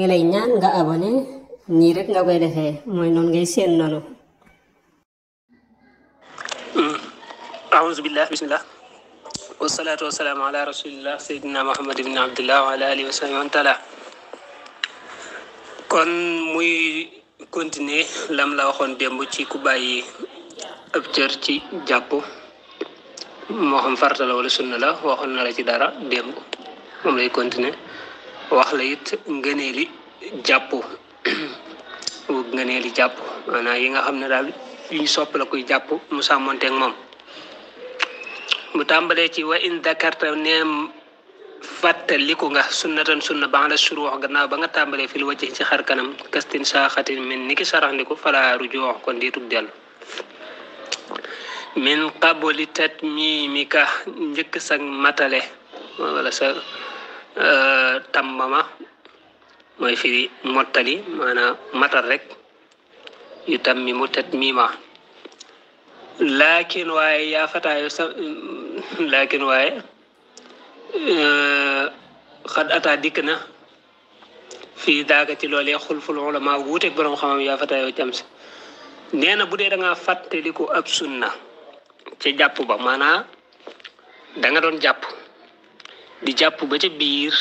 ngi lay ñaan nga abonné nii rek nga koy defee eh. mooy noonu ngay seen noonu ahousubillah bismillah wasalaatu wasalaamu ala rasulillah seydina muhammad ibni abdullah kon muy continuer lam la waxoon démb ci ku bàyyi ab ci jàpp moo xam farta wala sunna la waxoon na la ci dara démb moom lay continuer wax la it ngëneeli jàpp ngëneeli jàpp maanaam yi nga xam ne daal yuñ sopp la kuy jàpp mu ak moom mu tàmbalee ci wa in dakarta neem fàttaliku nga sunnatan sunna ba la suruux gannaaw ba nga tàmbalee fil wacc ci xar kanam kastin saaxatin min niki saraxndiku fala rujoox kon di tuk dellu min qabli tatmimika njëkk sag matale wala sa Eh, tamama moy fi motali mana matar rek yu tammi mu tet lakin laakin ya fata fataayu lakin laakin euh eh, khad ata dikna fi fii daaga ci loolee xulful ulama wuuteeg borom xamam ya fata jams tams na budé da nga liko ab sunna ci japp ba mana da nga don japp di japp ba ca biir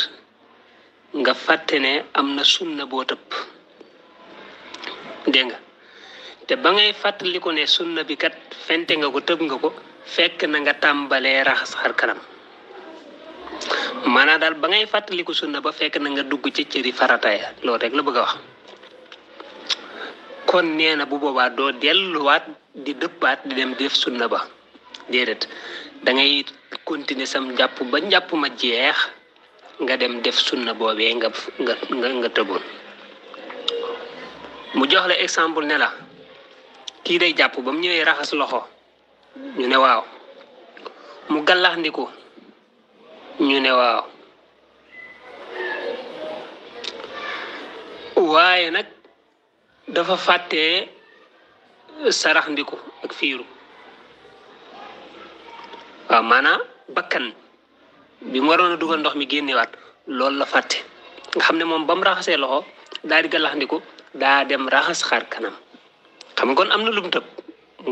nga fàtte ne am na sunna boo tëpp dégg nga te ba ngay fàttali ko ne sunna bi kat fente nga ko tëb nga ko fekk na nga tàmbalee raxas xar kanam maanaam daal ba ngay fàttali ko sunna ba fekk na nga dugg ci cëri farata ya loolu rek la bëgg a wax kon nee na bu boobaa doo delluwaat di dëppaat di dem def sunna ba déedéet da ngay continuer sam japp ba japp ma jeex nga dem def sunna bobé nga nga nga tebon mu jox la exemple ne la ki day japp bam ñëwé raxas loxo ñu ne waaw mu galax ndiku ñu ne waaw waye nak dafa faté sarax ndiku ak firu waaw maanaam bakkan bi mu waroon a dugal ndox mi génnewaat loolu la fàtte nga xam ne moom ba mu raxasee loxo daa di gàllaxndiku daa dem raxas xaar kanam xam nga kon am na lu tëb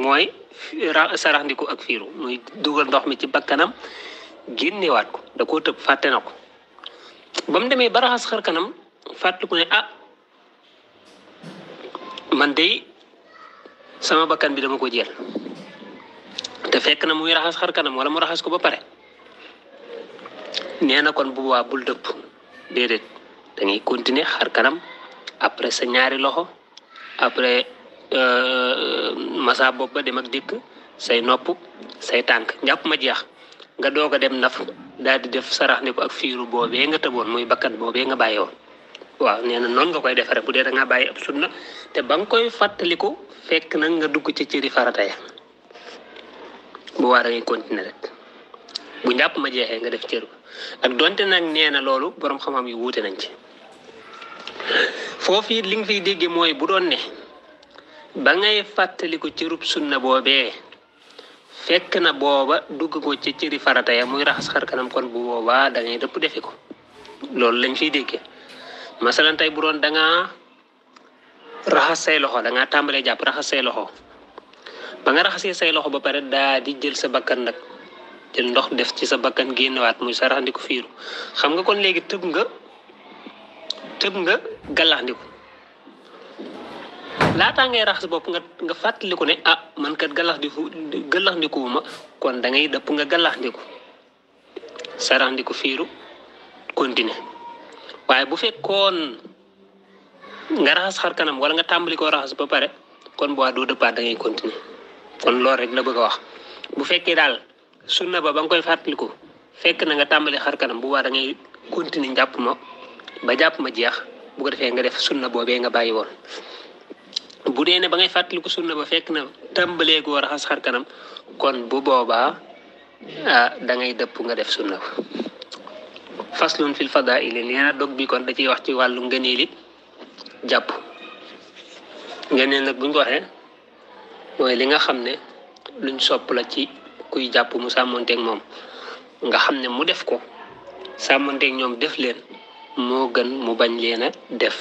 mooy saraxndiku ak fiiru muy dugal ndox mi ci bakkanam génnewaat ko da koo tëb fàtte na ko ba mu demee ba raxas xar kanam fàttaliku ne ah man de sama bakkan bi dama ko jël te fekk na muy raxas xar kanam wala mu raxas ko ba pare nee na kon bu boobaa bul dëpp déedéet da ngay continuer xar kanam après sa ñaari loxo après euh, masa bopp ba dem ak dikk say nopp say tànk njàpp ma jeex nga doog a dem naf daal di def sarax ne ko ak fiiru boobee nga tëboon muy bakkan boobee nga bàyyi woon waaw nee na noonu nga koy defare bu dee da ngaa bàyyi ab sunna te ba nga koy fàttaliku fekk na nga dugg ci cëri farata ya bu waa da ngay continuer bu njàpp ma jeexee nga def cër ak donte nag nee na loolu borom xam-xam yi wuute nañ ci foofu it li nga fiy déggee mooy bu doon ne ba ngay fàttaliku cërub na boobee fekk na booba dugg ko ci cëri farata ya muy raxas xar kon bu boobaa da ngay dëpp defe ko loolu lañ fiy déggee masalan tey bu doon da ngaa raxas say loxo da ngaa tàmbalee jàpp raxas say loxo. ba nga raxasee say loxo ba pare daa di jël sa bakkan nag jël ndox def ci sa bakkan génnewaat muy saraxandiku fiiru xam nga kon léegi tëb nga tëb nga gàllaxndiku laataa ngay raxas bopp nga nga fàttaliku ne ah man kat gàllaxndiku ma kon da ngay dëpp nga gàllaxndiku saraxandiku fiiru continuer waaye bu fekkoon nga raxas xar kanam wala nga tàmbali koo raxas ba pare kon bu waa doo dëppaat da ngay continuer kon lool rek na bëgg a wax bu fekkee daal sunna ba ba nga koy fàttaliku fekk na nga tàmbali xar kanam bu baax da ngay continuer njàpp ma ba jàpp ma jeex bu defee nga def sunna boobee nga bàyyi woon. dee ne ba ngay fàttaliku sunna ba fekk na tàmbalee goo raxas xar kanam kon bu boobaa ah dëpp nga def sunna ba faslun fil fadaa'ili nee na dog bi kon da ciy wax ci wàllu nga ngëneeli jàpp ngëneel nag buñ ko waxee. mooy li nga xam ne luñ sopp la ci kuy jàpp mu sàmmonteeg moom nga xam ne mu def ko sàmmonteeg ñoom def leen moo gën mu bañ leen a def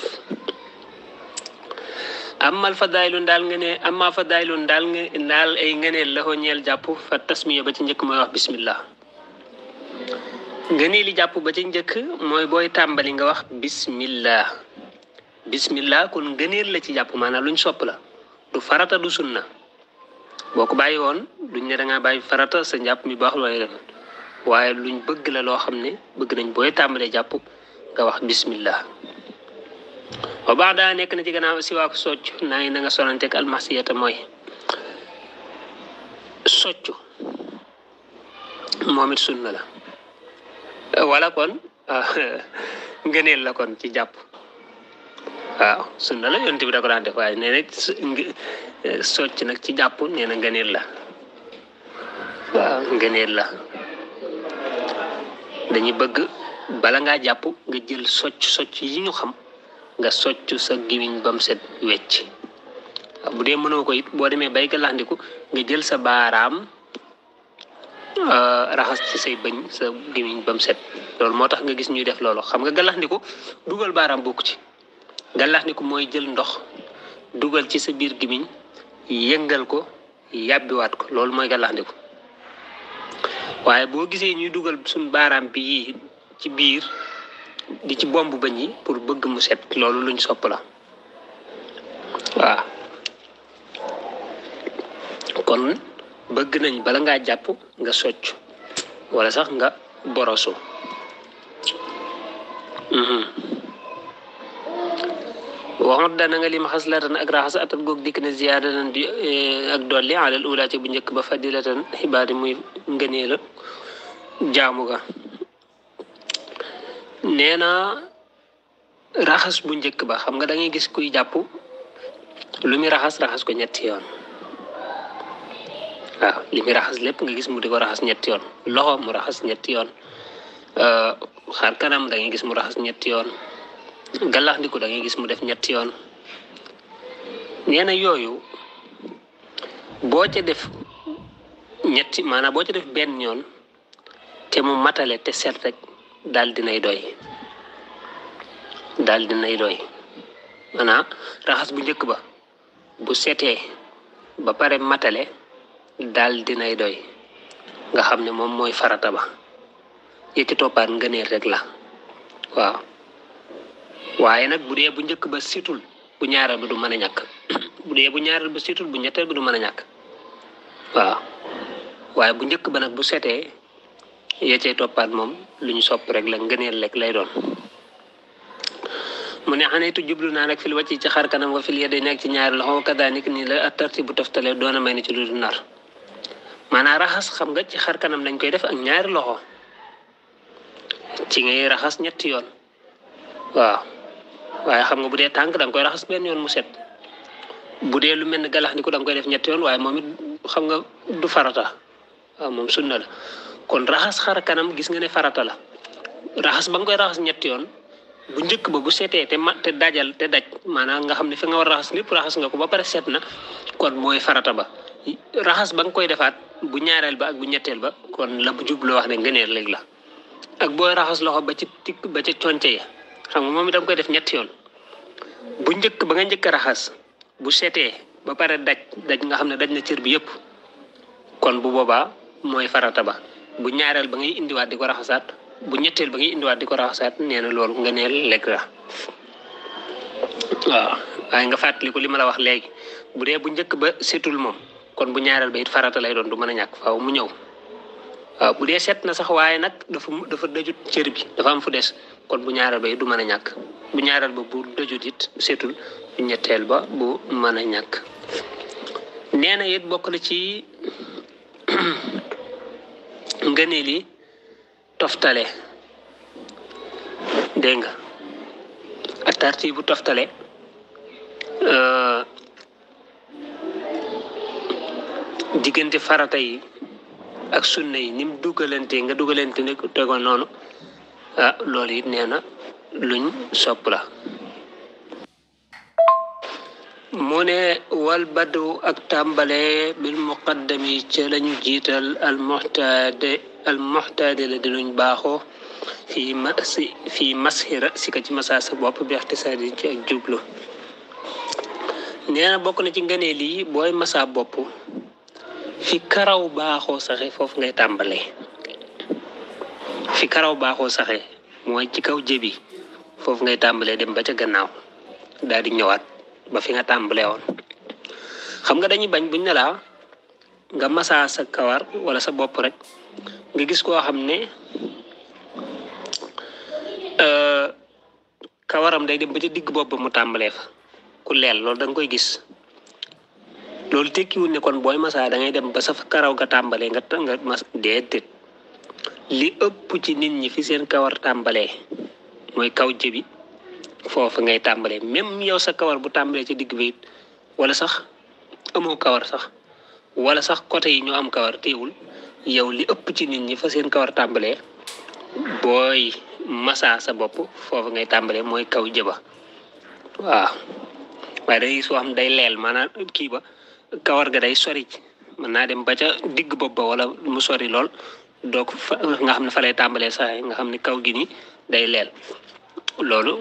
amal fadailun ndal nga ne amma fadailun ndal nga daal ay ngene la ñeel japp fa tasmiya ba ci njëkk mooy wax bismillah li japp ba ci njëkk moy boy tambali nga wax bismillah bismillah kun ngëneel la ci japp maanaam luñ sopp la du farata du sunna boo ko bàyyi woon duñ ne da ngaa bàyyi farata sa njàpp mi baaxul lay def waaye luñ bëgg la loo xam ne bëgg nañ booy tàmbalee jàpp nga wax bismillah wa baax daa nekk na ci gannaaw si waa ko socc naa ngi na nga sonanteeg almasiyata mooy soccu moom sunna la wala kon ngëneel la kon ci jàpp waaw sunna la yonte bi da ko daan def waaye nee na socc nag ci jàpp nee na ngëneel la waaw ngëneel la dañu bëgg bala ngaa jàpp nga jël socc socc yi ñu xam nga socc sa gimiñ ba set wecc bu dee mënoo ko it boo demee bay galaxndiku nga jël sa baaraam raxas ci say bëñ sa set loolu moo tax nga gis ñuy def loolu xam nga dugal baaraam bokk ci ko moy jël ndox dugal ci sa bir gimiñ yengal ko wat ko galax ni ko waye bo gisee ñuy duggal sun baram bi ci bir di ci bombu bañ yi pour bëgg mu set lolou luñ sopp la wa kon bëgg nañ bala nga japp nga socc wala sax nga borosu mhm waxut dana nga lim xaslatan ak raxas atat goog dikk na ziyaadatan di e, ak dolli alal ula ci bu njëkk ba fadilatan xibaari muy ngëneel jaamu ga nee na raxas bu njëkk ba xam nga da ngay gis kuy jàpp lu muy raxas raxas ko ñetti yoon li raxas nga gis mu di raxas ñetti yoon loxo mu raxas ñetti yoon xar kanam da ngay gis mu raxas ñetti yoon gàllax ndiku da gis mu def ñetti yoon nee na yooyu boo ca def ñetti maanaam boo ca def benn yoon te mu matale te set rek daal dinay doy daal dinay doy maanaam raxas bu njëkk ba bu setee ba pare matale daal dinay doy nga xam ne moom mooy farata ba yëkki toppaat ngëneel rek la waaw waaye nag bu dee bu njëkk ba situl bu ñaareel ba du mën a ñàkk bu dee bu ñaareel ba situl bu ñetteel ba du mën a ñàkk waaw waaye bu njëkk ba nag bu setee ya cay toppaat moom lu ñu sopp rek la ngëneel lekk lay doon mu ne xaneytu jublu naa nag fil wàcc ci xar kanam wa fil yedde nekk ci ñaari loxo kadaanik ni la tarti bu toftalee doona may ni ci lu nar maanaam raxas xam nga ci xar kanam lañ koy def ak ñaari loxo ci ngay raxas ñetti yoon waaw waaye xam nga bu dee tànk da nga koy raxas benn yoon mu set bu dee lu mel galax ni ko da nga koy def ñetti yoon waaye moom it xam nga du farata waaw moom sunna la kon raxas xar kanam gis nga ne farata la raxas ba nga koy raxas ñetti yoon bu njëkk ba bu setee te ma te dajal te daj maanaam nga xam ne fi nga war raxas lépp raxas nga ko ba pare set na kon mooy farata ba raxas ba nga koy defaat bu ñaareel ba ak bu ñetteel ba kon la bu jublu wax ne ngëneel léegi la ak booy raxas loxo ba ci tikk ba ca ya xam nga moom itam koy def ñett yoon bu njëkk ba nga njëkk raxas bu setee ba pare daj daj nga xam ne daj na cër bi yépp kon bu boobaa mooy farata ba bu ñaareel ba ngay indiwaat di ko raxasaat bu ñetteel ba ngay indiwaat di ko raxasaat nee na loolu nga neel lekk la waaw nga fàttaliku li ma la wax léegi bu dee bu njëkk ba setul moom kon bu ñaareel ba it farata lay doon du mën a ñàkk faaw mu ñëw waaw bu dee set na sax waaye nag dafa dafa dajut cër bi dafa am fu des kon bu ñaareel ba du mën a ñàkk bu ñaareel ba bu dojut it seetul ñetteel ba bu mën a ñàkk nee na it bokk na ci ngëneel yi toftale dégg nga ak bu toftale euh, diggante farata yi ak sunna yi ni mu dugalante nga dugalante ne tegoon noonu ah loolu it nee na luñ sopp la ne wal badu ak tàmbale bil muqaddami ca lañu jiital al muxtaade al muxtaade la di luñ baaxoo fi masi fi masxira si ka ci masaa sa bopp bi ixtisaadi ci ak jublu nee na bokk na ci ngënee lii booy masaa bopp fi karaw baaxoo saxe foofu ngay tàmbalee fi karaw baaxoo saxé moy ci kaw jëbi fofu ngay tambalé dem ba ca gannaaw daal di ñëwaat ba fi nga tambalé won xam nga dañuy bañ buñ nga masaa sa kawar wala sa bop rek nga gis ko xamné euh kawaram day dem ba ca digg bop mu tambalé fa ku lél lool da koy gis tekki wu ne kon boy massa da ngay dem ba sa karaw ga tambalé nga nga mas li ëpp ci nit ñi fi seen kawar tàmbalee mooy kaw jëbi foofu ngay tàmbalee même yow sa kawar bu tàmbalee ci digg bi wala sax amoo kawar sax wala sax côté yi ñu am kawar téewul yow li ëpp ci nit ñi fa seen kawar tàmbalee booy massa sa bopp foofu ngay tàmbalee mooy kaw jëba waaw waaye day soo xam day leel maanaam kii ba kawar ga day sori mën naa dem ba ca digg bopp ba wala mu sori lool dok nga xamne fa lay tambalé sa nga xamne kaw gi ni day lolu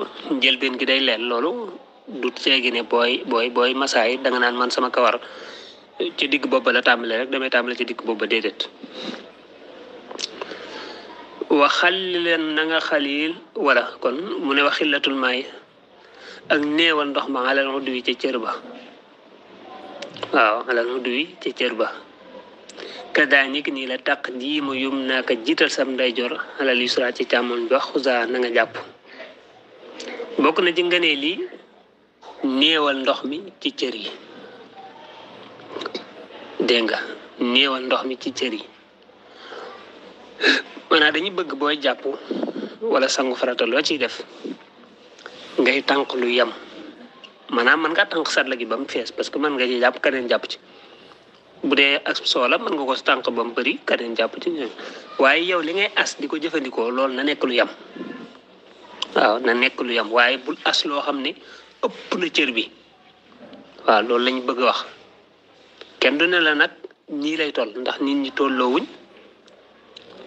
jël ben gi day lél lolu du seegi ne boy boy da nga nan man sama kawar ci digg booba la tambalé rek damay tambalé ci digg booba déedéet wa khallilan na nga khalil wala kon mu ne wa xillatul ak neewal ndox ma ala udwi ca cër waaw ala udwi ca ba kadanik ni la tak ni mu yumna ka jital sam day jor alal yusra ci tamon bi xuza na nga japp bokku na ci ngane li neewal mi ci denga neewal ndox mi ci cieur yi mana bëgg boy japp wala sangu farata lo ci def ngay tank lu yam mana man nga tank sat la gi bam fess parce que man nga ci japp kenen japp ci bu dee ak soola mën nga ko tànk ba mu bëri kaneen jàpp ci ñoom waaye yow li ngay as di ko jëfandikoo loolu na nekk lu yam waaw na nekk lu yam waaye bul as loo xam ne ëpp na cër bi waaw loolu lañ bëgg wax kenn du ne la nag ñii lay toll ndax nit ñi tolloowuñ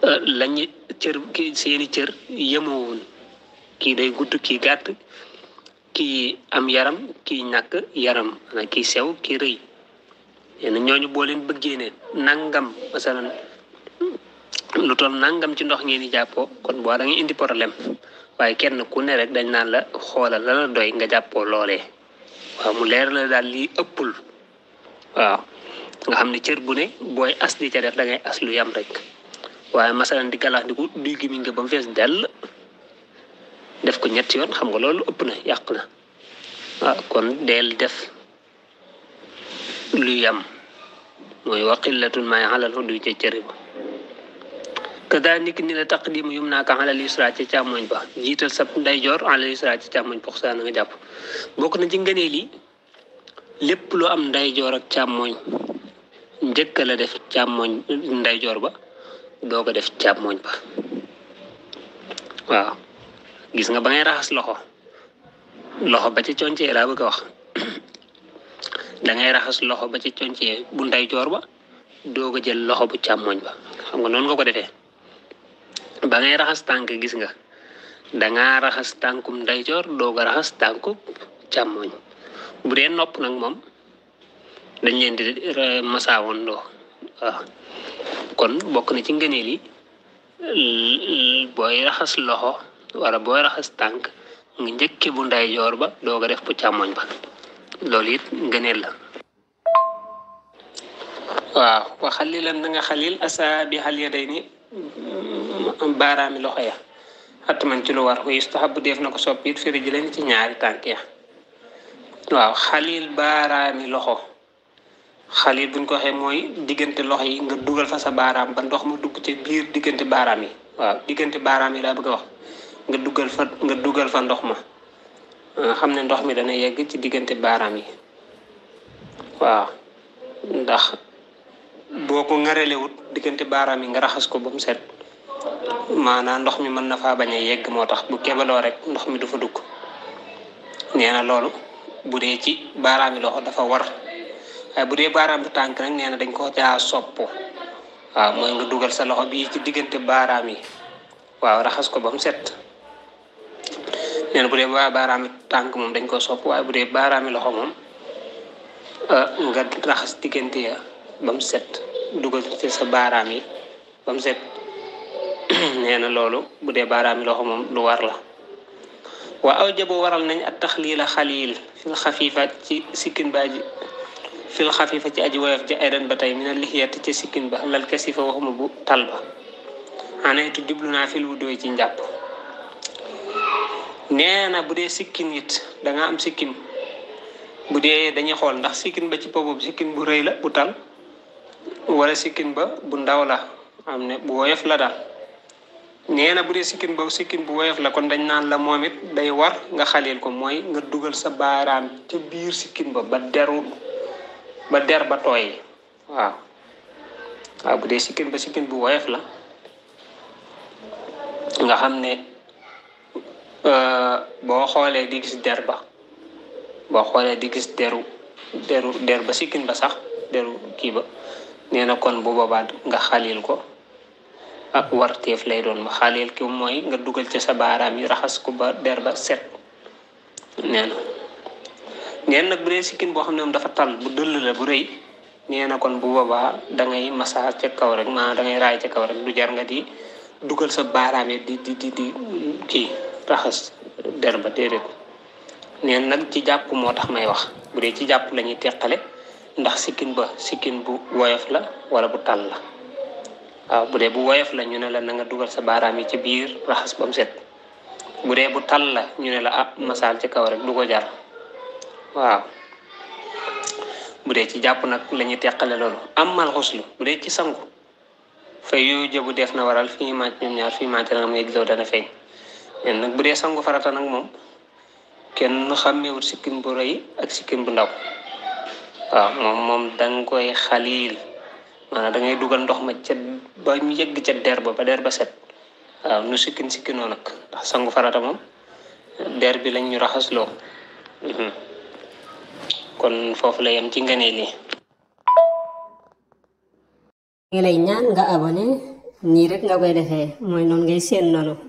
euh, lañu cër ki seeni cër yemoowuñ kii day gudd kii gàtt ki am yaram kii ñàkk yaram ki sew kii rëy yéen ñooñu boo leen bëggee ne nangam masalan lu toll nangam ci ndox ngeen di jàppoo kon boo da nga indi problème waaye kenn ku ne rek dañ naan la xoolal la la doy nga jàppoo loolee waaw mu leer la daal lii ëppul waaw nga xam ne cër bu ne booy as di ca def da ngay as lu yam rek waaye masalan di galax di ko duy nga ba mu fees def ko ñetti yoon xam nga loolu ëpp na yàq na kon del def lu yam mooy wa qillatun maay xalal xuddu ca cëri ba kadaanik ni la taqdimu yum naa ka xalal yusra ca càmmoñ ba jiital sa ndeyjoor xalal yusra càmmoñ pour saa na jàpp bokk na ci ngëneel yi lépp lu am ndeyjoor ak càmmoñ njëkk def càmmoñ ndeyjoor ba doo ko def càmmoñ ba waaw gis nga ba ngay raxas loxo loxo ba ca concee laa bëgg a wax da ngay raxas loxo ba ci concee bu ndeyjoor ba doog a jël loxo bu càmmoñ ba xam nga noonu nga ko defee ba ngay raxas tànk gis nga danga raxas tànkum ndeyjoor doog raxas tànku càmmoñ bu dee nopp nag moom dañ leen di masaawoon doo kon bokk na ci ngëneel yi booy raxas loxo wala booy raxas tànk nga njëkke bu ndeyjoor ba doog def bu càmmoñ ba Lolit, ngeneel la waaw wa xalilan na nga xalil asaabi'al yadayni baaraami loxo ya at man ci lu war wa yustahabu def na ko soppi it fi rijlayn ci ñaari tànk ya waaw xalil baaraami loxo xalil buñ ko waxee mooy diggante loxo yi nga dugal fa sa baaraam ba ndox mu dugg ci biir diggante baaraam yi waaw diggante baaraam yi laa bëgg wax nga dugal fa nga dugal fa ndox ma xam ne ndox mi dana yegg ci diggante baaraam yi waaw ndax boo ko ŋaralewut diggante baaraam yi nga raxas ko ba mu set maanaam ndox mi mën na faa bañ a yegg moo bu kebaloo rek ndox mi du fa dugg nee na loolu bu dee ci baaraam yi loxo dafa war waaye bu dee baaraam bi tànk nag nee na dañ ko caa sopp waaw mooy nga dugal sa loxo bii ci diggante baaraam yi waaw raxas ko ba mu set nee bu dee waa baaraami tànk moom dañ ko sopp waaye bu dee baaraami loxo moom eh, nga raxas diggante ya ba mu set dugal ci sa baaraam yi ba mu set nee na loolu bu dee baaraami loxo moom lu war waral nañ at taxliila xaliil fil xafiifa ci sikkin ba ji fil xafiifa ci aji woyof ji aydan ba tey mina lixiyat ci sikkin ba lal kasifa waxuma bu talba anaytu jublu fil wuddoo ci njàpp neena na bu dee sikkin it da nga am sikkin bu dee dañuy xool ndax sikkin ba ci boobu sikkin bu rëy la bu tal wala sikkin ba bu ndaw la am ne bu woyof la daal neena na bu dee sikkin ba sikkin bu woyof la kon dañ naan la moom it day war nga xalil ko mooy nga dugal sa baaraam ca biir sikkin ba ba deru ba der ba tooy waaw waaw bu dee sikkin ba sikkin bu woyof la nga xam Euh, boo xoolee di gis der ba boo xoolee di gis deru deru der ba sikkin ba sax deru kii ba nee na kon bu boobaa nga xalil ko ak warteef lay doon ma xalil ki mooy nga dugal ci sa baaraam yi raxas ko ba der ba set nee na neen nag bu dee sikkin boo xam ne moom dafa tal bu dëll la bu rëy nee na kon bu boobaa dangay masaa ca kaw rek maanaam dangay raay ci kaw rek du jar nga di dugal sa baaraam yi di di di di kii Rahas der ba téere ko neen nag ci japp motax may wax bu dee ci japp lañuy ndax sikin ba sikin bu woyof la wala bu tàll la waaw bu dee bu woyof la ñu ne la nga dugal sa baram yi ci biir raxas bam set bu bu la ñu ne la ah masal ci kaw rek du ko jar waaw bu dee ci japp nak lañuy ñuy teqale amal xuslu bu dee ci sangu fa yu jëbu def na waral fi màcc ñom ñaar fi nga dana ñen nak bu dé sangu farata nak mom kenn wu sikim bu reuy ak sikim bu ndaw wa mom mom dang koy khalil man da ngay duggal ndox ma ci ba ñu yegg ci der ba ba der ba set wa nu sikin sikino nak sangu farata mom der bi lañ ñu lo mhm. kon fofu la yam ci ngenee ni ngay lay ñaan nga abonné ni rek nga koy défé moy non ngay sen nonu